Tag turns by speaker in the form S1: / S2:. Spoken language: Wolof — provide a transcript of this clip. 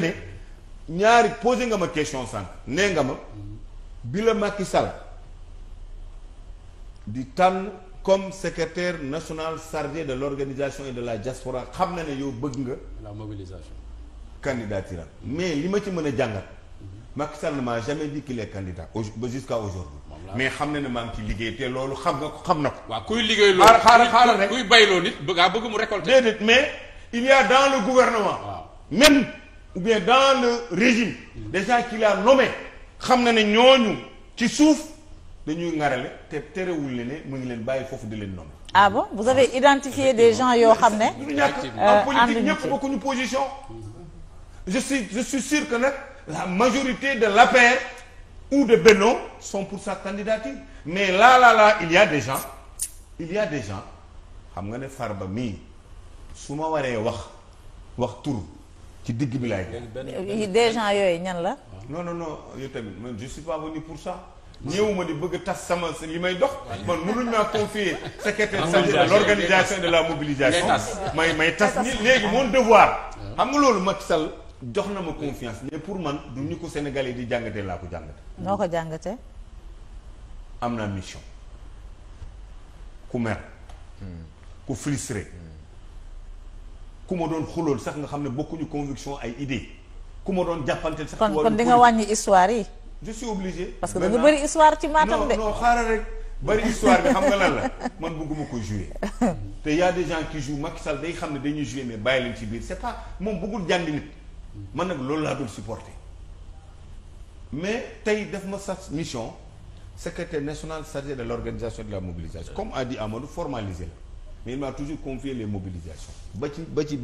S1: que ne ñaari posé nga ma question sànq nee nga ma bi la Macky sal di tànn comme secretaire national chargé de l'organisation et de la diaspora xam na ne yow bëgg nga. la mobilisation. candidature mais li ma ci mën a jàngat. Macky Sall ne m'a jamais dit qu'il est candidat ba jusqu'à mais xam na ne maa ngi ci liggéey te loolu xam nga ko xam na ko. kuy liggéey loolu xaaral xaaral xaaral rek kuy bayloo nit bëgg mu récolter. mais il y a dans le gouvernement. même. ou bien dans le régime déjà qu'il a nommé xam na ne ñooñu ci suuf dañuy ngarale te terewul ne ne mu ngi leen bàyyi foofu di leen nommé. ah bon vous avez ah, identifié des gens yoo xam ne. du ñàkk euh, en politique ñëpp bokkuñu position. je suis je suis sûr que nag la majorité de l'APR ou de Benno sont pour sa candidature mais là là là il y des gens il y des gens xam nga ne ba mii su ma waree wax wax tur. ci digg bi laay def. Euh, des gens yooyu ñan la. non non non yow tamit man je suis pas venu pour ça. ñëwuma di bëgg tas sama li may dox. man mënuñ maa confier secrétaire chargé de l'organisation de la mobilisation. may may tas ñi léegi mon devoir. Ah. xam nga loolu Macky Sall jox na ma confiance mais pour man du ñu ko Sénégalais di jàngate laa ko jàngate noo ko jàngatee. am naa mission. ku mer. Hmm. ku frustré. Hmm. ku ma doon xulool sax nga xam ne bokkuñu conviction ay idées ku ma doon jàppanteel sax. kon kon di nga wàññi histoire yi. obligé. parce que da nga bëri histoire ci Matam de. non xaaral rek
S2: bëri histoire bi xam nga lan la
S1: man bëgguma ko jouer te y de des gens qui jouent day xam ne dañuy jouer mais bàyyi lañ ci biir c'est pas moom bëggul jàndi nit man nag loolu laa dul supporter mais tey def ma sa mission secrétaire national chargé de l'organisation de la mobilisation comme a dit Amadou formaliser la. mais il toujours confié les mobilisations ba ci ba ci